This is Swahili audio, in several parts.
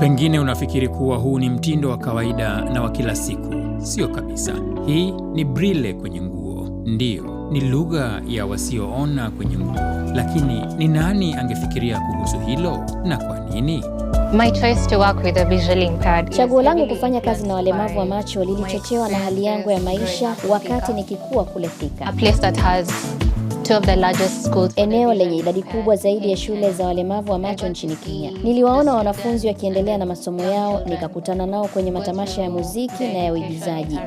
Pengine unafikiri kuwa huu ni mtindo wa kawaida na wa kila siku. Sio kabisa. Hii ni brile kwenye nguo. Ndiyo, ni lugha ya wasioona kwenye nguo, lakini ni nani angefikiria kuhusu hilo na kwa nini? Chaguo langu kufanya kazi na walemavu wa macho lilichochewa na hali yangu ya maisha wakati nikikuwa kule Thika of the largest schools, eneo lenye idadi kubwa zaidi ya shule za walemavu wa macho nchini Kenya. Niliwaona wanafunzi wakiendelea na masomo yao, nikakutana nao kwenye matamasha ya muziki na ya uigizaji.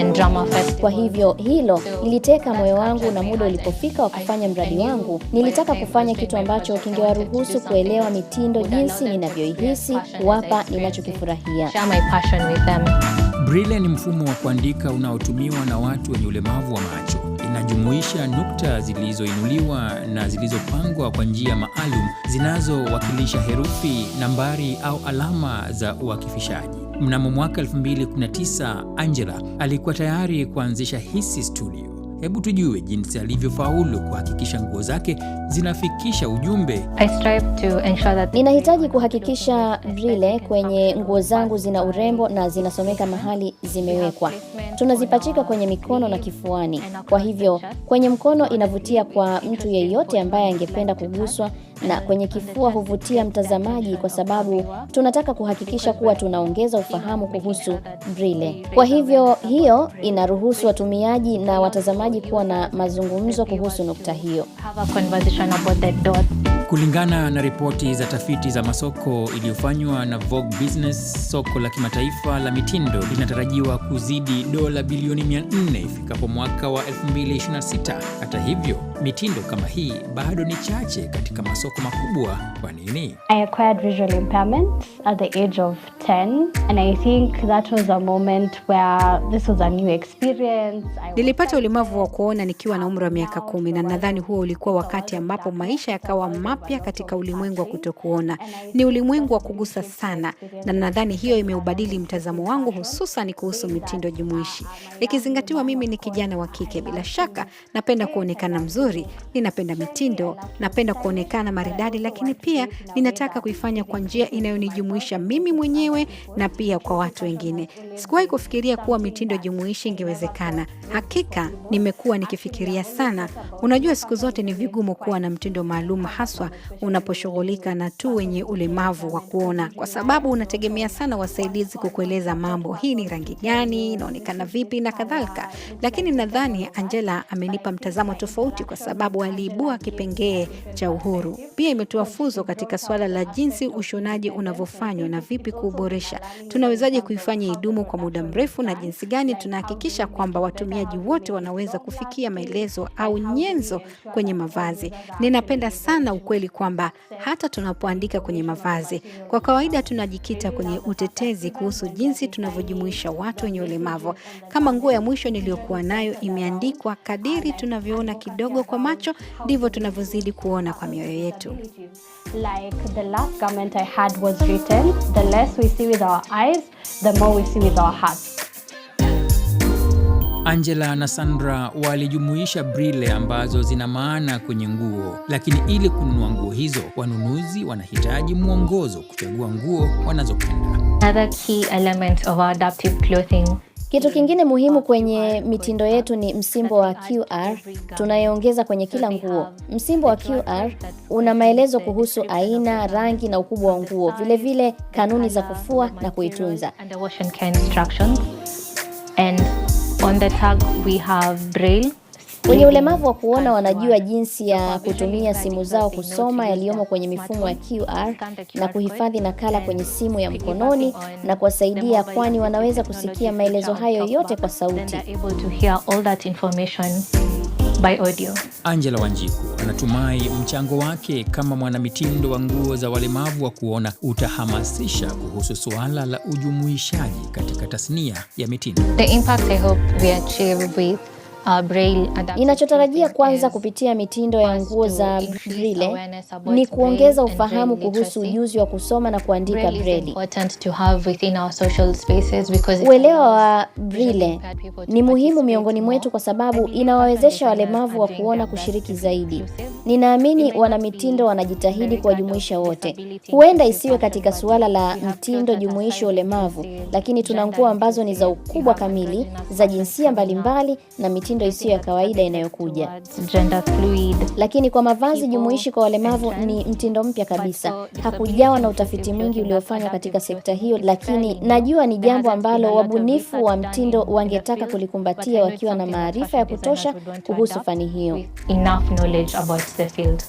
And drama festival. Kwa hivyo hilo niliteka moyo wangu, na muda ulipofika wa kufanya mradi wangu, nilitaka kufanya kitu ambacho kingewaruhusu kuelewa mitindo, jinsi ninavyoihisi, kuwapa ninachokifurahia. Braille ni mfumo wa kuandika unaotumiwa na watu wenye ulemavu wa macho hujumuisha nukta zilizoinuliwa na zilizopangwa kwa njia maalum zinazowakilisha herufi, nambari au alama za uakifishaji. Mnamo mwaka 2019 Angela alikuwa tayari kuanzisha Hisi Studio Hebu tujue jinsi alivyofaulu kuhakikisha nguo zake zinafikisha ujumbe. I strive to ensure that... Ninahitaji kuhakikisha vile kwenye nguo zangu zina urembo na zinasomeka mahali zimewekwa. Tunazipachika kwenye mikono na kifuani, kwa hivyo kwenye mkono inavutia kwa mtu yeyote ambaye angependa kuguswa na kwenye kifua huvutia mtazamaji kwa sababu tunataka kuhakikisha kuwa tunaongeza ufahamu kuhusu brile. Kwa hivyo hiyo inaruhusu watumiaji na watazamaji kuwa na mazungumzo kuhusu nukta hiyo. Kulingana na ripoti za tafiti za masoko iliyofanywa na Vogue Business, soko la kimataifa la mitindo linatarajiwa kuzidi dola bilioni 400 ifikapo mwaka wa 2026. Hata hivyo, mitindo kama hii bado ni chache katika masoko masoko makubwa. Kwa nini? I acquired visual impairment at the age of 10 and I think that was a moment where this was a new experience. Nilipata ulemavu wa kuona nikiwa na umri wa miaka kumi na nadhani huo ulikuwa wakati ambapo maisha yakawa mapya katika ulimwengu wa kutokuona. Ni ulimwengu wa kugusa sana, na nadhani hiyo imeubadili mtazamo wangu, hususan kuhusu mitindo jumuishi, ikizingatiwa mimi ni kijana wa kike. Bila shaka napenda kuonekana mzuri, ninapenda mitindo, napenda kuonekana maridadi, lakini pia ninataka kuifanya kwa njia inayonijumuisha mimi mwenyewe na pia kwa watu wengine. Sikuwahi kufikiria kuwa mitindo jumuishi ingewezekana. Hakika nimekuwa nikifikiria sana. Unajua, siku zote ni vigumu kuwa na mtindo maalum, haswa unaposhughulika na tu wenye ulemavu wa kuona, kwa sababu unategemea sana wasaidizi kukueleza mambo, hii ni rangi gani, inaonekana vipi na kadhalika. Lakini nadhani Angela amenipa mtazamo tofauti, kwa sababu aliibua kipengee cha uhuru. Pia imetoa funzo katika suala la jinsi ushonaji unavyofanywa na vipi kuuboresha, tunawezaje kuifanya idumu kwa muda mrefu, na jinsi gani tunahakikisha kwamba watumiaji wote wanaweza kufikia maelezo au nyenzo kwenye mavazi. Ninapenda sana ukweli kwamba hata tunapoandika kwenye mavazi, kwa kawaida tunajikita kwenye utetezi kuhusu jinsi tunavyojumuisha watu wenye ulemavu. Kama nguo ya mwisho niliyokuwa nayo imeandikwa, kadiri tunavyoona kidogo kwa macho ndivyo tunavyozidi kuona kwa mioyo yetu to. Like the last garment I had was written, the less we see with our eyes, the more we see with our hearts. Angela na Sandra walijumuisha brile ambazo zina maana kwenye nguo, lakini ili kununua nguo hizo, wanunuzi wanahitaji mwongozo kuchagua nguo wanazopenda. Another key element of our adaptive clothing kitu kingine muhimu kwenye mitindo yetu ni msimbo wa QR tunayoongeza kwenye kila nguo. Msimbo wa QR una maelezo kuhusu aina, rangi na ukubwa wa nguo, vilevile kanuni za kufua na kuitunza. And on the tag we have braille. Wenye ulemavu wa kuona wanajua jinsi ya kutumia simu zao kusoma yaliyomo kwenye mifumo ya QR na kuhifadhi nakala kwenye simu ya mkononi na kuwasaidia, kwani wanaweza kusikia maelezo hayo yote kwa sauti. By audio. Angela Wanjiku anatumai mchango wake kama mwanamitindo wa nguo za walemavu wa kuona utahamasisha kuhusu suala la ujumuishaji katika tasnia ya mitindo. The impact I hope we achieve with Uh, inachotarajia kwanza kupitia mitindo ya nguo za Braille ni kuongeza ufahamu kuhusu ujuzi wa kusoma na kuandika Braille. Uelewa wa Braille ni muhimu miongoni mwetu kwa sababu inawawezesha walemavu wa kuona kushiriki zaidi. Ninaamini wanamitindo wanajitahidi kuwajumuisha wote, huenda isiwe katika suala la mtindo jumuishi wa ulemavu, lakini tuna nguo ambazo ni za ukubwa kamili, za jinsia mbalimbali mbali, na mitindo isiyo ya kawaida inayokuja. Lakini kwa mavazi jumuishi kwa walemavu ni mtindo mpya kabisa, hakujawa na utafiti mwingi uliofanywa katika sekta hiyo, lakini najua ni jambo ambalo wabunifu wa mtindo wangetaka kulikumbatia wakiwa na maarifa ya kutosha kuhusu fani hiyo. Their field.